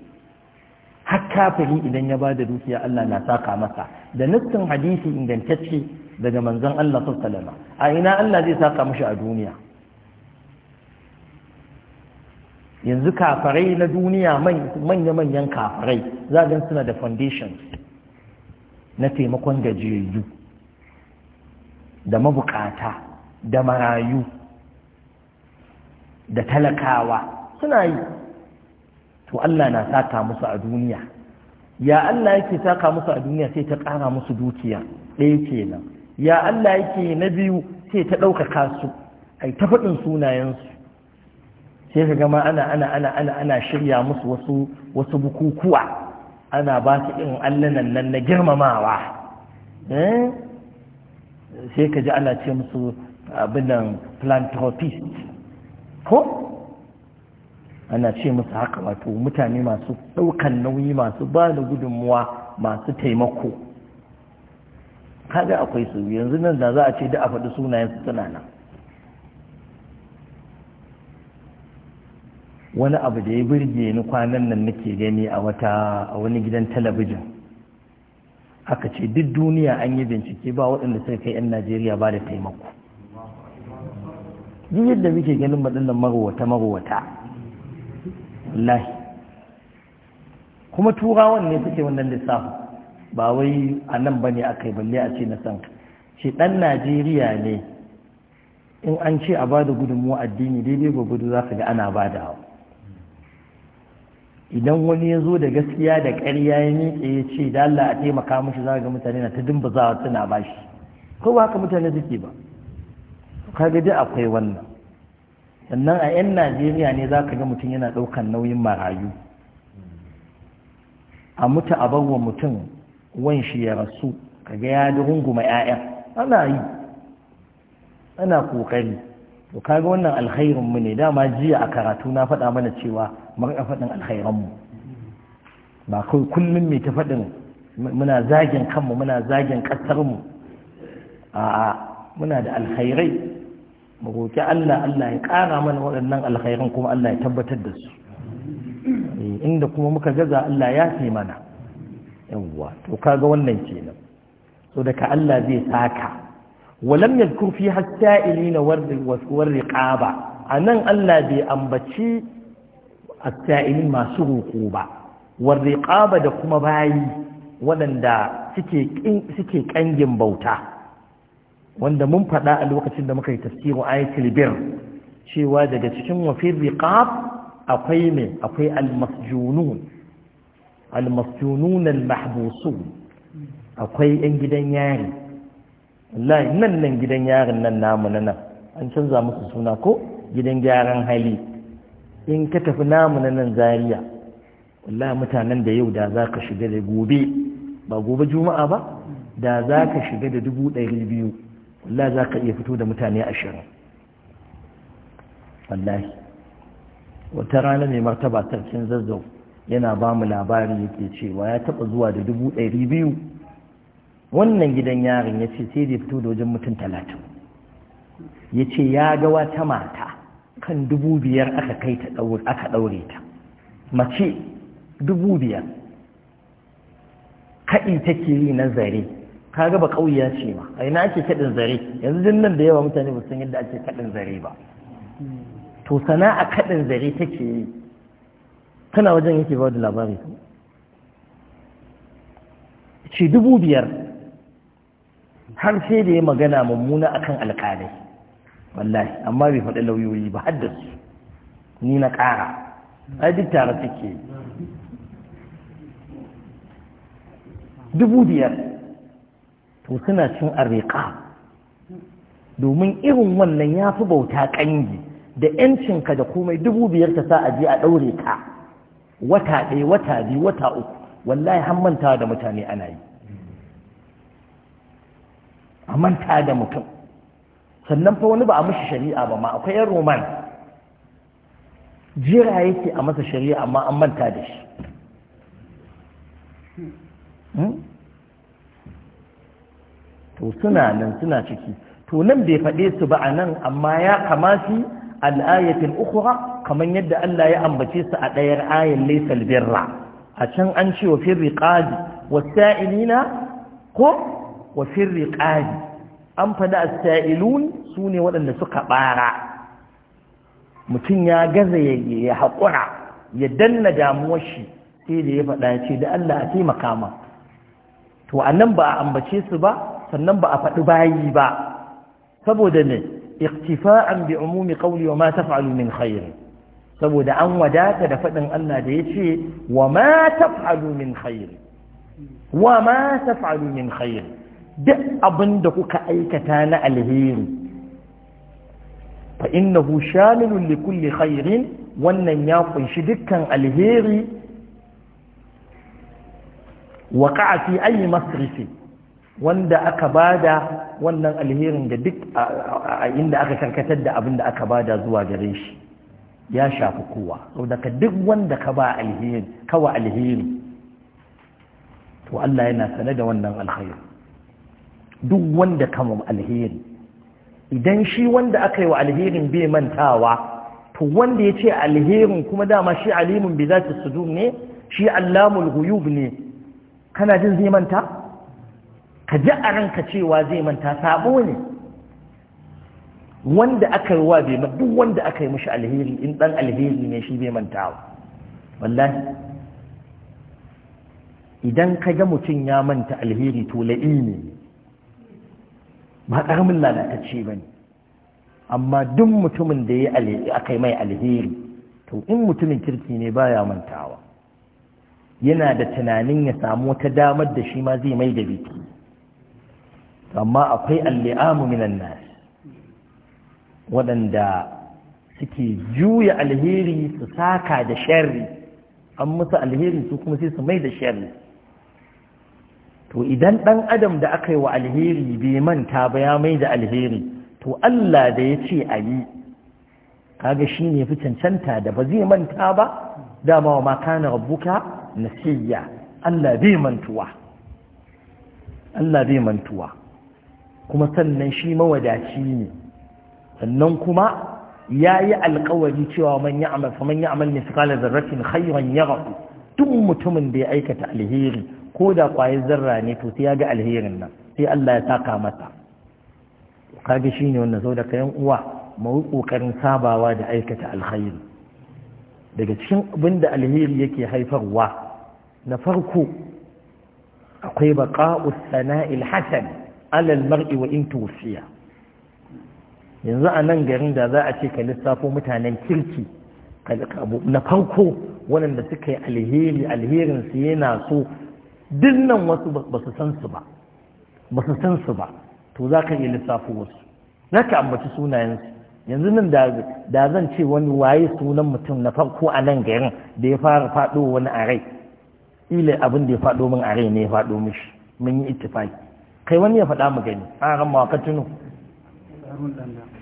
har kafiri idan ya ba da dukiya Allah na saka masa da nassin hadisi ingantacce daga manzon Allah sallallahu a ina Allah zai saka mashi a duniya yanzu kafarai na duniya manya-manyan kafarai za gan suna da foundation na taimakon gajiyayyu da mabukata da marayu da talakawa suna yi to Allah na saka musu a duniya ya Allah yake saka musu a duniya sai ta ƙara musu dukiya ɗaya kenan ya Allah yake na biyu sai ta ɗaukaka su ai ta faɗin sunayensu sai ka gama ana ana ana ana ana shirya musu wasu wasu bukukuwa ana ba su irin allanan nan na girmamawa eh? sai ka ji ana ce musu abin nan philanthropist ko ana ce musu haka wato mutane masu ɗaukan nauyi masu ba da gudunmuwa masu taimako kaga akwai su yanzu nan da za a ce da a faɗi sunayen su suna nan wani abu da ya birge ni kwanan nan nake gani a wata a wani gidan talabijin aka ce duk duniya an yi bincike ba waɗanda suka kai 'yan najeriya ba da taimako duk yadda muke ganin maɗannan marowata marowata abdullahi kuma turawan ne suke wannan lissafin ba wai a nan ba ne aka yi balle a ce na san shi ɗan najeriya ne in an ce a bada da gudunmuwa addini daidai gudu za ka ga ana ba da idan wani ya zo da gaskiya da ƙarya ya miƙe ya ce da Allah a taimaka mushi za ga mutane na ta dimba za suna ba shi ko ba haka mutane suke ba kaga dai akwai wannan sannan a 'yan najeriya ne za ka ga mutum yana ɗaukar nauyin marayu a mutu a bawa mutum wan shi ya rasu kaga ya ji runguma 'ya'yan ana yi ana kokari to kaga wannan alkhairin mu ne dama jiya a karatu na faɗa mana cewa marka faɗin alkhairan mu ba kai kullum mai ta faɗin muna zagin kanmu muna zagin ƙasar mu a muna da alkhairai mu roki Allah Allah ya ƙara mana waɗannan alkhairan kuma Allah ya tabbatar da su eh, inda kuma muka gaza Allah ya fi mana yawwa to kaga wannan kenan so daga Allah zai saka walam yadkur fi hasailina war riqaba anan Allah bai ambaci hasailin masu ruƙu ba war riqaba da kuma bayi waɗanda suke suke kangin bauta wanda mun faɗa a lokacin da muka yi tafsirin ayatul bir cewa daga cikin wafin riqab akwai ne akwai al-masjunun al-mahbusun akwai yan gidan yari wallahi nan nan gidan yarin nan namu nan an canza musu suna ko gidan gyaran hali in ka tafi namu na nan zaria wallahi mutanen da yau da za ka shiga da gobe ba gobe juma'a ba da za ka shiga da dubu ɗari biyu la za ka iya fito da mutane ashirin wallahi wata rana mai martaba sarkin zazzau yana ba mu labari yake cewa ya taɓa zuwa da dubu ɗari biyu wannan gidan yarin ya ce sai da fito da wajen mutum talatin ya ce ya ga wata mata kan dubu biyar aka kai ta aka ɗaure ta mace dubu biyar kaɗi take yi na zare ka ga ba kauya ce ma a ina ake kaɗin zare yanzu din nan da yawa mutane ba san yadda ake kaɗin zare ba to sana'a kaɗin zare take yi kana wajen yake ba da labari ce dubu biyar har sai da ya magana mummuna akan alƙalai wallahi amma bai faɗi lauyoyi ba har da su ni na ƙara ai duk tare suke dubu biyar to suna cin arriƙa domin irin wannan ya fi bauta ƙangi da ‘yancinka da komai dubu biyar ta sa aje a ɗaure ka wata ɗaya wata biyu wata uku wallahi har manta da mutane ana yi a manta da mutum sannan fa wani ba a mashi shari'a ba ma akwai yan roman jira yake a masa shari'a amma an manta da shi hmm? to suna nan suna ciki to nan bai faɗe su ba a nan amma ya kamati al'ayatin ukura kamar yadda Allah ya ambace su a ɗayar ayin laifin birra a can an ce wa firri ƙadi wasa'ilina ko wa firri ƙadi an faɗi a sa'ilun su ne waɗanda suka ɓara mutum ya gaza ya haƙura ya danna damuwar shi sai da ya faɗa ce da Allah a taimaka ma to a nan ba a ambace su ba sannan ba a faɗi bayi ba saboda ne iktifa'an bi umumi qawli wa ma taf'alu min khair saboda an wadata da faɗin Allah da yace wa ma taf'alu min khair wa ma taf'alu min khair duk abinda kuka aikata na alheri fa innahu shamilun li kulli khairin wannan ya kunshi dukkan alheri waqa'a fi ayi masrifin wanda aka bada wannan alherin da duk a inda aka karkatar da abin da aka bada zuwa gare shi ya shafi kowa daga duk wanda ka ba kawa alherin to Allah yana sane da wannan alkhairi duk wanda kama alherin, idan shi wanda aka yi wa alherin bai mantawa to wanda ya ce alherin kuma dama shi alimun bi za ne shi allamul guyub ne kana jin zai manta ka ji a ranka cewa zai manta sabo ne wanda aka yi wa bai duk wanda aka yi mishi alheri in dan alheri ne shi bai manta wallahi idan ka ga mutum ya manta alheri to la'i ne ba ƙaramin lalatacce ba ne amma duk mutumin da ya aka yi mai alheri to in mutumin kirki ne baya mantawa yana da tunanin ya samu wata damar da shi ma zai mai da biki amma akwai al minan nas waɗanda suke juya alheri su saka da sharri an musu alheri su kuma sai su mai da sharri to idan ɗan adam da aka yi wa alheri bai manta ba ya mai da alheri to Allah da ya ce a yi kaga shi ne fi cancanta da ba zai manta ba dama wa maka na rabbuka nasiya Allah bai mantuwa Allah bai mantuwa kuma sannan shi mawadaci ne sannan kuma ya yi alkawari cewa man ya amal faman ya amal misqala zarratin khayran yara duk mutumin da ya aikata alheri ko da kwayar zarra ne to sai ya ga alherin nan sai Allah ya saka masa kaga shine wannan zo da kayan uwa mu kokarin sabawa da aikata alkhairi daga cikin abin da alheri yake haifarwa na farko akwai baqa'u sana'il hasan alal mar'i wa in tusiya yanzu a nan garin da za a ce ka lissafo mutanen kirki na farko waɗanda suka yi alheri alherin su yana so dinnan wasu ba su san su ba ba san su ba to za ka iya lissafo wasu za ka ambaci sunayensu yanzu nan da zan ce wani waye sunan mutum na farko a nan garin da ya fara faɗo wani a rai ila abin da ya faɗo min a rai ne ya faɗo mishi mun yi ittifaki kai wani ya faɗa mu gani a ran mawaka tuno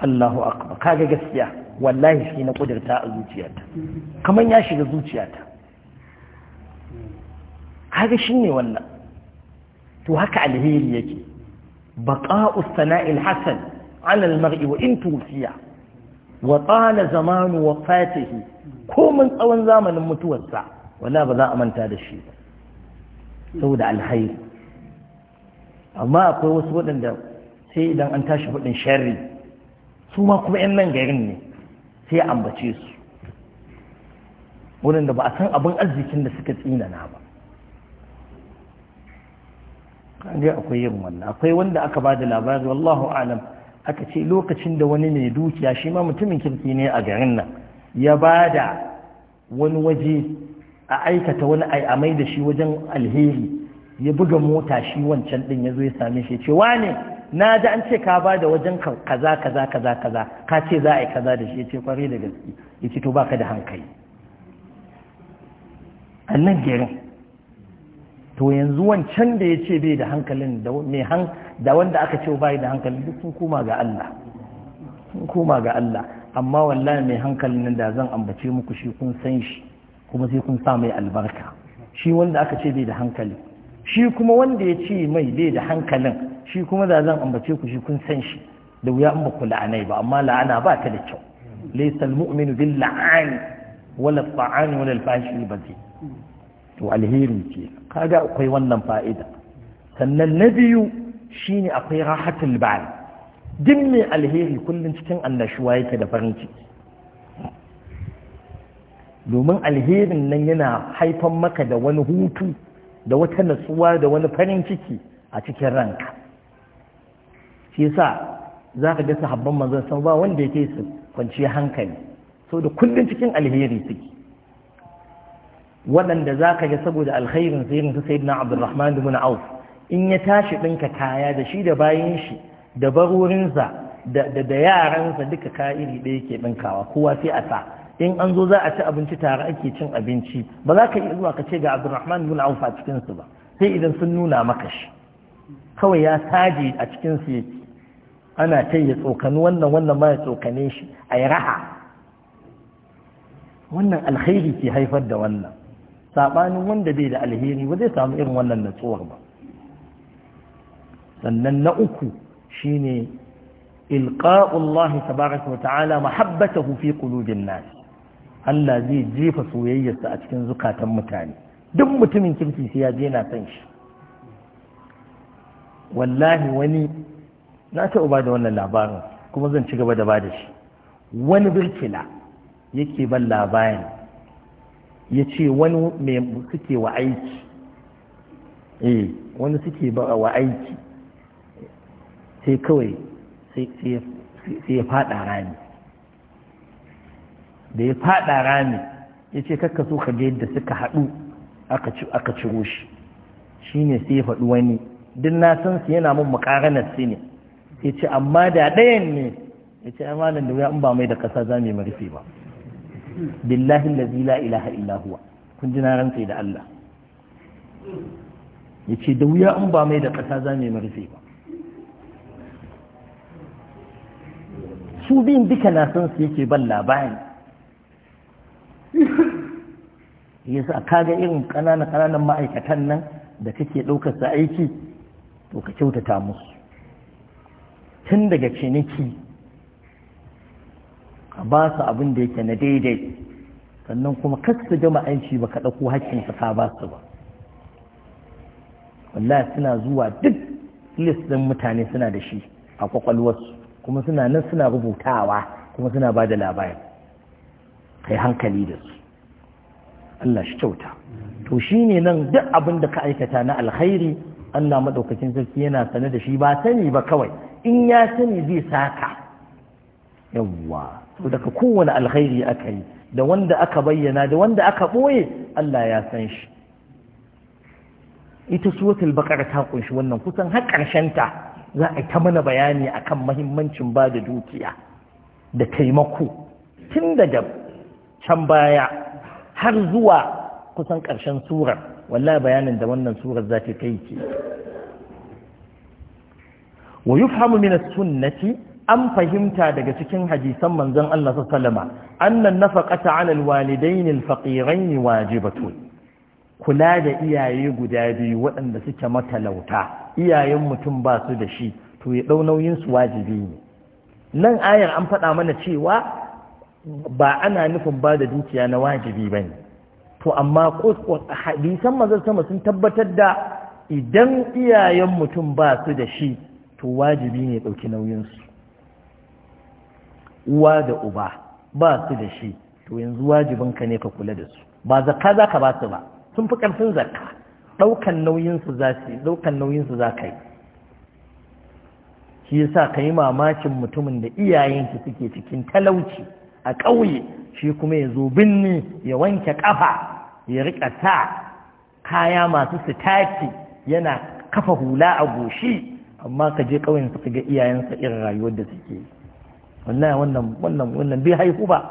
Allahu akbar kaga gaskiya wallahi shi na kudirta a zuciyata kaman ya shiga zuciyata kaga shine wannan to haka alheri yake baqa'u sana'il hasan 'ala al-mar'i wa in tufiya wa tala zamanu wafatihi mun tsawon zamanin mutuwarsa wala ba za a manta da shi ba saboda alheri amma akwai wasu waɗanda sai idan an tashi faɗin sharri su ma kuma 'yan nan garin ne sai a ambace su waɗanda ba a san abin arzikin da suka tsinana ba dai akwai yin wannan akwai wanda aka ba da labari wallahu alam aka ce lokacin da wani mai dukiya shi ma mutumin kirki ne a garin nan ya ba da wani waje a aikata wani ai'amai da shi wajen alheri ya buga mota shi wancan din ya zo ya same shi ce wane na ji an ce ka ba da wajen kaza kaza kaza kaza ka ce za a yi kaza da shi ya ce kwarai da gaske ya ce to baka da hankali annan gerin to yanzu wancan da ya ce bai da hankalin da wanda aka ce bai da hankalin duk sun koma ga Allah sun koma ga Allah amma wallahi mai hankalin nan da zan ambace muku shi kun san shi kuma sai kun sa mai albarka shi wanda aka ce bai da hankali shi kuma wanda ya ce mai bai da hankalin shi kuma da zan ambace ku shi kun san shi da wuya an baku la'anai ba amma la'ana ba ta da kyau laysa muminu bil la'an wala ta'an wala al-fashi bazi to alheri ce kaga akwai wannan fa'ida sannan na biyu shine akwai rahatul bal duk mai alheri kullum cikin annashuwa yake da farin ciki domin alherin nan yana haifan maka da wani hutu da wata natsuwa da wani farin ciki a cikin ranka shi yasa za ka ga sahabban manzon san ba wanda yake su kwanci hankali saboda kullum cikin alheri suke waɗanda za ka ga saboda alkhairin sirrin ta sayyidina abdurrahman ibn auf in ya tashi ɗinka kaya da shi da bayan shi da barorinsa da yaransa duka kaya iri ɗaya ke ɗinkawa kowa sai a sa in an zo za a ci abinci tare ake cin abinci ba za ka iya zuwa ka ce ga abdurrahman bin auf a cikinsu ba sai idan sun nuna maka shi kawai ya taje a cikinsu yake ana ta ya tsokani wannan wannan ma ya tsokane shi a yi raha wannan alkhairi ke haifar da wannan saɓanin wanda bai da alheri ba zai samu irin wannan natsuwar ba sannan na uku shine ilqa'ullahi tabaraka wa ta'ala mahabbatahu fi qulubin nas Allah zai jefa soyayyarsa a cikin zukatan mutane duk mutumin kirki sai ya je na san shi wallahi wani na taɓa ba da wannan labarin kuma zan ci gaba da ba da shi wani birkila yake ban labarin ya ce wani mai suke wa aiki eh wani suke wa aiki sai kawai sai ya faɗa rani da ya fada rami ya ce kakka so ka ga yadda suka haɗu aka ciro shi shi ne sai ya faɗi wani duk na san su yana mun makaranar su ne ya ce amma da ɗayan ne ya ce amma malam da wuya in ba mai da ƙasa za mu yi marfi ba billahi allazi la ilaha illa huwa kun ji na rantsa da Allah ya ce da wuya in ba mai da ƙasa za mu yi marfi ba su biyun duka na san su yake ban labarin. yasa kaga irin ƙananan ƙananan ma'aikatan nan da kake ɗaukar sa aiki to ka kyautata musu tun daga ciniki ka ba su abin da yake na daidai sannan kuma kas su gama aiki ba ka ɗauko haƙƙinsa ka ba su ba wallahi suna zuwa duk list mutane suna da shi a kwakwalwarsu kuma suna nan suna rubutawa kuma suna ba da labari kai hankali da su Allah shi kyauta to ne nan duk abin da ka aikata na alkhairi Allah maɗaukacin sarki yana sane da shi ba sani ba kawai in ya sani zai saka yawwa to daga kowane alkhairi aka yi da wanda aka bayyana da wanda aka ɓoye, Allah ya san shi ita suratul baƙar ta kunshi wannan kusan har karshen ta za a yi ta mana bayani akan mahimmancin ba da dukiya da taimako tun daga can baya har zuwa kusan ƙarshen surar wallahi bayanin da wannan surar za ta kai ke wa yufhamu min as-sunnati an fahimta daga cikin hadisan manzon Allah salama? annan nafaqata 'ala al ne al-faqirayn wajibatu kula da iyaye guda biyu waɗanda suke matalauta iyayen mutum ba su da shi to ya ɗau nauyin su wajibi ne nan ayar an faɗa mana cewa ba ana nufin ba da dukiya na wajibi ba ne to amma hadisan mazar sama sun tabbatar da idan iyayen mutum ba su da shi to wajibi ne ɗauki nauyinsu uwa da uba ba su da shi to yanzu wajibinka ne ka kula da su ba zakka za ka ba su ba sun fi ƙarfin zakka ɗaukan nauyinsu za su ɗaukan nauyinsu za ka yi shi yasa ka yi mamakin mutumin da iyayenki suke cikin talauci a ƙauye shi kuma ya zo binni ya wanke ƙafa ya riƙa sa kaya masu sitati yana kafa hula a goshi amma ka je ƙauyen su ga iyayensa irin rayuwar da suke wannan wannan wannan wannan bai haihu ba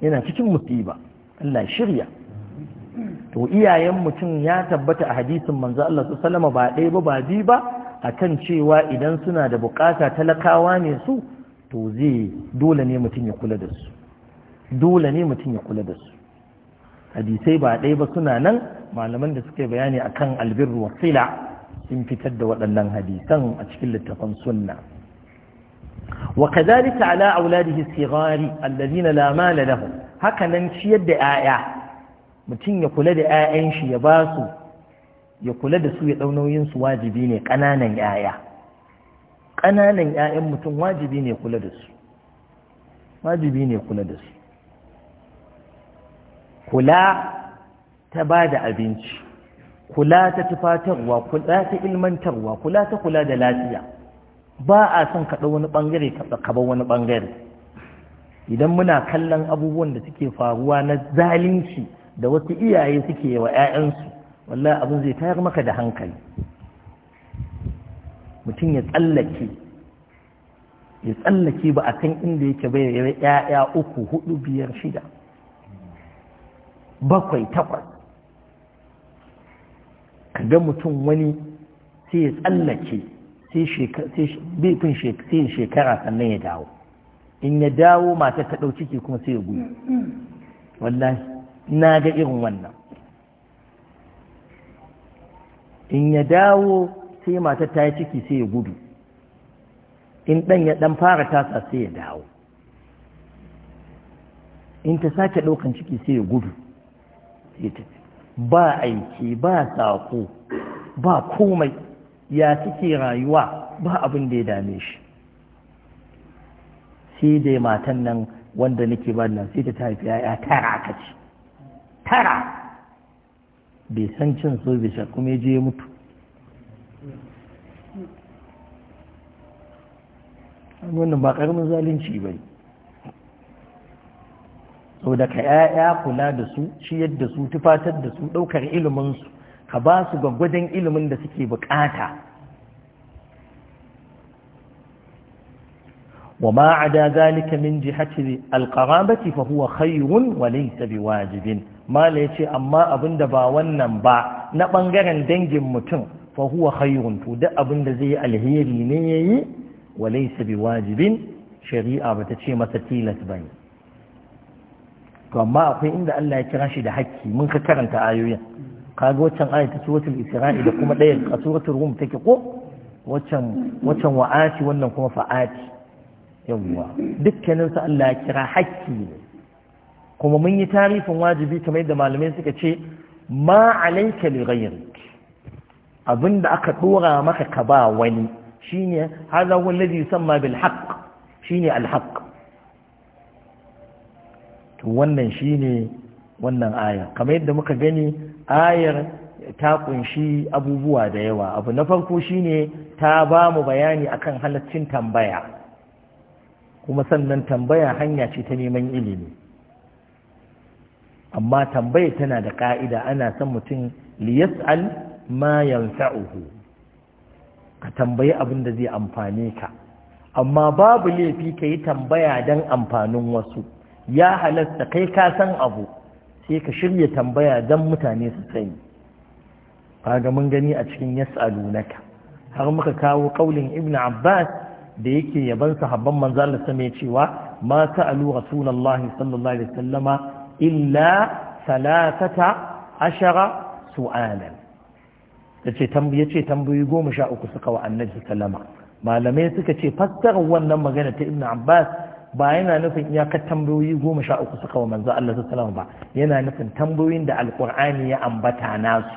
yana cikin musiba Allah shirya to iyayen mutum ya tabbata a hadisin manzo Allah sallallahu alaihi ba ɗaya ba ba ba akan cewa idan suna da bukata talakawa ne su to dole ne mutum ya kula da su dole ne mutum ya kula da su hadisai ba ɗaya ba suna nan malaman da suka bayani akan albirru wasila sun fitar da waɗannan hadisan a cikin littattafan sunna wa kadhalika ala auladihi sigari alladhina la mala lahum haka nan ciyar da 'ya'ya mutum ya kula da 'ya'yan shi ya ba su ya kula da su ya ɗau su wajibi ne ƙananan 'ya'ya ƙananan 'ya'yan mutum wajibi ne kula da su wajibi ne kula da su kula ta ba da abinci kula ta tufatarwa kula ta ilmantarwa kula ta kula da lafiya ba a son kaɗa wani ɓangare kaɓa wani ɓangare idan muna kallon abubuwan da suke faruwa na zalunci da wasu iyaye suke wa 'ya'yansu wallah abin zai tayar maka da hankali mutum ya tsallake ya tsallake ba a kan inda yake bai ya ya'ya uku hudu biyar shida bakwai takwas ka ga mutum wani sai ya tsallake sai shekara sannan ya dawo in ya dawo mata ta ɗau ciki kuma sai ya gudu wallahi na ga irin wannan in ya dawo sai matar ta yi ciki sai ya gudu in ɗan ya ɗan fara tasa sai ya dawo in ta sake ɗaukan ciki sai ya gudu ba aiki ba sako ba komai ya take rayuwa ba abin da ya dame shi sai dai matan nan wanda nake ba nan sai ta tafi ya tara aka tara bai san cin so bai sha kuma je mutu wannan ba karamin zalunci ba ne sau da ka ‘ya'ya kula da su ciyar da su tufatar da su ɗaukar iliminsu ka ba su gwaggwadon ilimin da suke bukata wa ma'ada zalika min ji jihati alqarabati fa huwa khayrun wa laysa wajibin, mala yace amma abin da ba wannan ba na ɓangaren dangin mutum fa huwa khayrun da duk da zai alheri ne yayi bi wajibin shari'a bata ce masa tilas ba. to amma akwai inda Allah ya kira shi da hakki mun ka karanta ayoyin kaga waccan ayata suratul isra'i da kuma ɗaya a suratul rum take ko waccan waccan wa'ati wannan kuma fa'ati yawwa dukkanin su Allah ya kira hakki ne kuma mun yi tarifin wajibi kamar yadda malamai suka ce ma alayka li ghayrik abinda aka dora maka ka ba wani shine hadha huwa alladhi yusamma bil haqq shine al to wannan shine wannan aya kamar yadda muka gani ayar ta kunshi abubuwa da yawa abu na farko shine ta ba mu bayani akan halaccin tambaya kuma sannan tambaya hanya ce ta neman ilimi amma tambaya tana da ka'ida ana san mutum liyas'al ma yansa'uhu ka tambayi abin da zai amfane ka amma babu laifi ka yi tambaya don amfanin wasu ya halatta kai ka san abu sai ka shirya tambaya don mutane su sani kaga mun gani a cikin yas'alunaka har muka kawo kaulin Ibn abbas da yake yaban sahabban manzo Allah sama cewa ma sa'alu rasulullahi sallallahu alaihi wasallama illa salatata ashara su'alan ya ce tambayi goma sha uku suka wa annabi sallama malamai suka ce fassarar wannan magana ta ibn abbas ba yana nufin iyakar tambayoyi goma sha uku suka wa manzo Allah sallama ba yana nufin tambayoyin da alkur'ani ya ambata nasu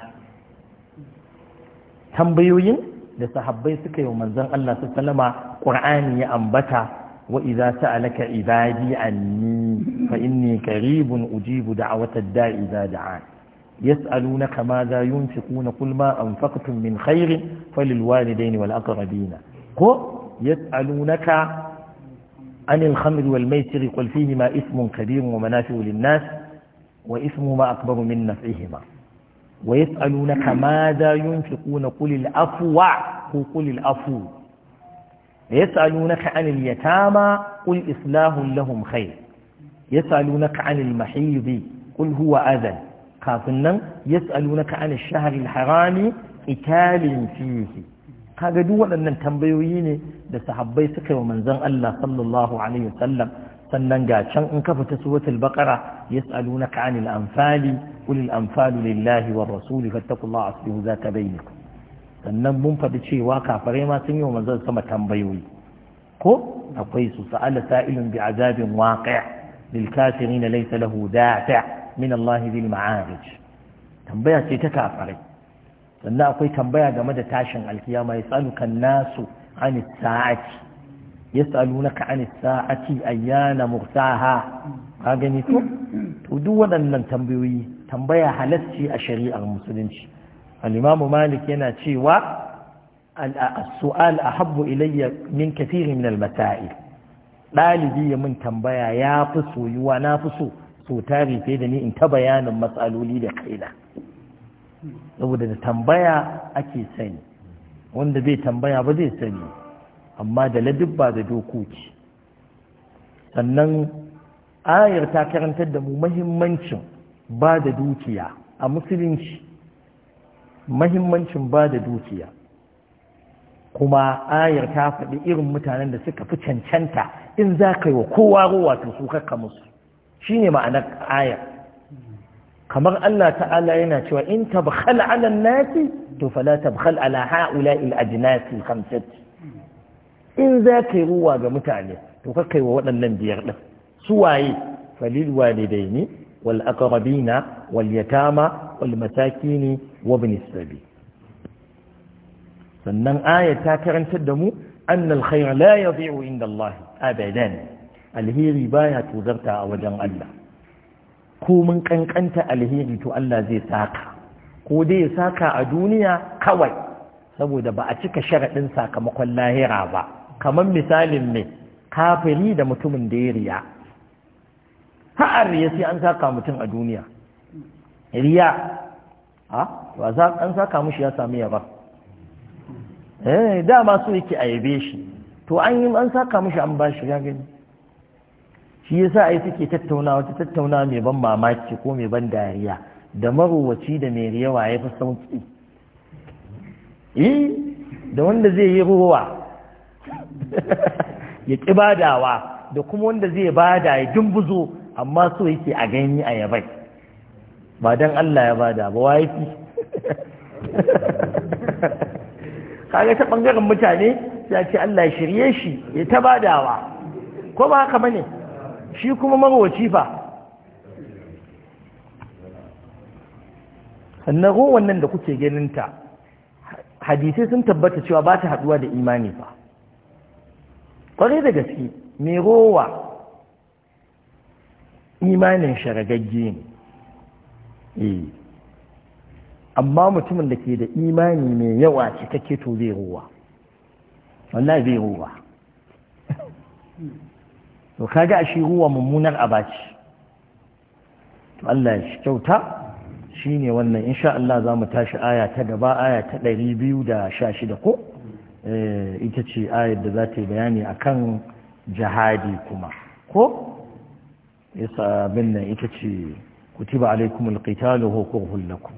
tambayoyin da sahabbai suka yi wa manzon Allah sallama qur'ani ya ambata wa idza sa'alaka ibadi anni fa inni qaribun ujibu da'watad da'i idza da'an يسألونك ماذا ينفقون قل ما أنفقتم من خير فللوالدين والأقربين قل يسألونك عن الخمر والميسر قل فيهما إثم كبير ومنافع للناس وإثمهما أكبر من نفعهما ويسألونك ماذا ينفقون قل الأفوع قل الأفو يسألونك عن اليتامى قل إصلاح لهم خير يسألونك عن المحيض قل هو أذى kafin nan yas'alunaka an ash-shahr al-harami italin fihi kaga duk waɗannan tambayoyi ne da sahabbai suka yi wa manzon Allah sallallahu alaihi wasallam sannan ga can in ka fita suratul baqara yas'alunaka anil anfali qul al anfalu lillahi war rasul fattaqullaha aslihu zata bainakum sannan mun faɗi cewa kafare ma sun yi wa manzon sama tambayoyi ko akwai su sa'ala sa'ilun bi azabin waqi' lil kafirin laysa lahu dafi' min Allah zil ma'arij tambaya ce ta kafarai sannan akwai tambaya game da tashin alkiyama yasaluka nasu an sa'ati yasalunaka an sa'ati ayyana mursaha ka gani to to duk waɗannan tambayoyi tambaya halarci a shari'ar musulunci al malik yana cewa السؤال أحب إلي من كثير من المسائل ɗalibi ya min tambaya ya fi soyuwa na fi so so ta da ni in ta bayanin matsaloli da kaina saboda da tambaya ake sani wanda bai tambaya ba zai sani amma da ladubba da dokoki sannan ayar ta karantar da mu mahimmancin ba da dukiya a musulunci mahimmancin ba da dukiya kuma ayar ta faɗi irin mutanen da suka fi cancanta in za ka yi wa kowa ruwa to su kakka musu shine ma'anar aya kamar Allah ta'ala yana cewa in tabkhal 'ala nasi to fala tabkhal 'ala ha'ula il ajnasi khamsati in za ka yi ruwa ga mutane to ka kai wa waɗannan biyar ɗin su waye falil walidaini wal aqrabina wal yatama wal masakini wa ibn sabi sannan aya ta karantar da mu annal khayra la yadhi'u inda Allah abadan alheri baya tozarta a wajen Allah ko mun kankanta alheri to Allah zai saka ko dai ya saka a duniya kawai saboda ba a cika sharaɗin sakamakon lahira ba kamar misalin ne kafiri da mutumin da ya riya har ya sai an saka mutum a duniya riya a an saka mushi ya sami yaba eh dama so yake a yabe shi to an yi an saka mushi an ba shi ya gani shi yasa ai suke tattaunawa ta tattauna mai ban mamaki ko mai ban dariya da marowaci da mai riyawa ya fi sauki eh, da wanda zai yi ruwa ya ƙi badawa da kuma wanda zai bada ya dumbuzo amma so yake a gani a yabai ba don Allah ya bada ba wa yafi kaga ta ɓangaren mutane yace ce Allah shirye shi ya ta badawa ko ba haka bane shi kuma mawaci fa sannan wannan nan da kuke ganinta hadisai sun tabbata cewa ba ta haduwa da imani ba kwarai da gaske mai rowa imanin sharagagge ne eh. amma mutumin da ke da imani mai yawa cikakke to zai rowa wallahi zai rowa to kaga ashe ruwa mummunar abaci to Allah ya kyauta shine wannan insha Allah za mu tashi aya ta gaba aya ta 216 ko eh, ita ce ayar da za ta yi bayani akan jihadi kuma ko yasa abin nan ita ce kutiba alaikumul qitalu huwa kurhun lakum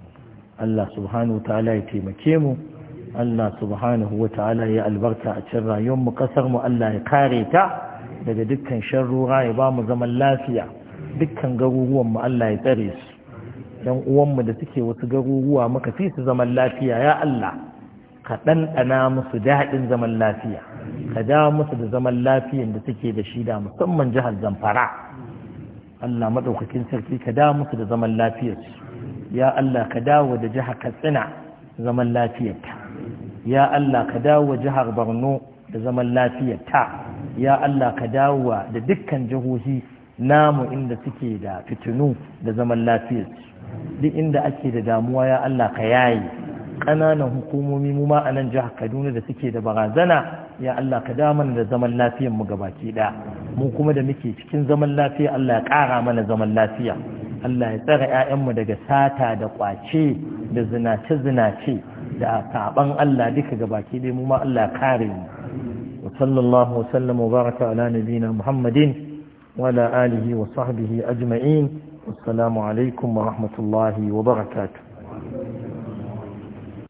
Allah subhanahu ta'ala ya taimake mu Allah subhanahu wa ta'ala ya albarka a cikin rayuwar mu kasar mu Allah ya kare ta daga dukkan sharrura ya ba mu zaman lafiya dukkan garuruwan mu Allah ya tsare su yan uwanmu da suke wasu garuruwa muka fi su zaman lafiya ya Allah ka ɗanɗana musu daɗin zaman lafiya ka dawo musu da zaman lafiyan da suke da shi da musamman jihar zamfara Allah maɗaukakin sarki ka dawo musu da zaman lafiyar. ya Allah ka dawo da jihar katsina zaman lafiyarta ya Allah ka dawo jihar borno da zaman lafiyarta ya Allah ka dawowa da dukkan jihohi namu inda suke da fitinu da zaman lafiyar duk inda ake da damuwa ya Allah ka yayi ƙananan hukumomi mu ma a nan jihar Kaduna da suke da barazana ya Allah ka da mana da zaman lafiyar mu gabaki ɗaya mu kuma da muke cikin zaman lafiya Allah ya ƙara mana zaman lafiya Allah ya tsare 'ya'yanmu daga sata da ƙwace da zinace-zinace da saɓan Allah duka gabaki ɗaya mu ma Allah ya kare mu صلى الله وسلم وبارك على نبينا محمد وعلى آله وصحبه أجمعين والسلام عليكم ورحمة الله وبركاته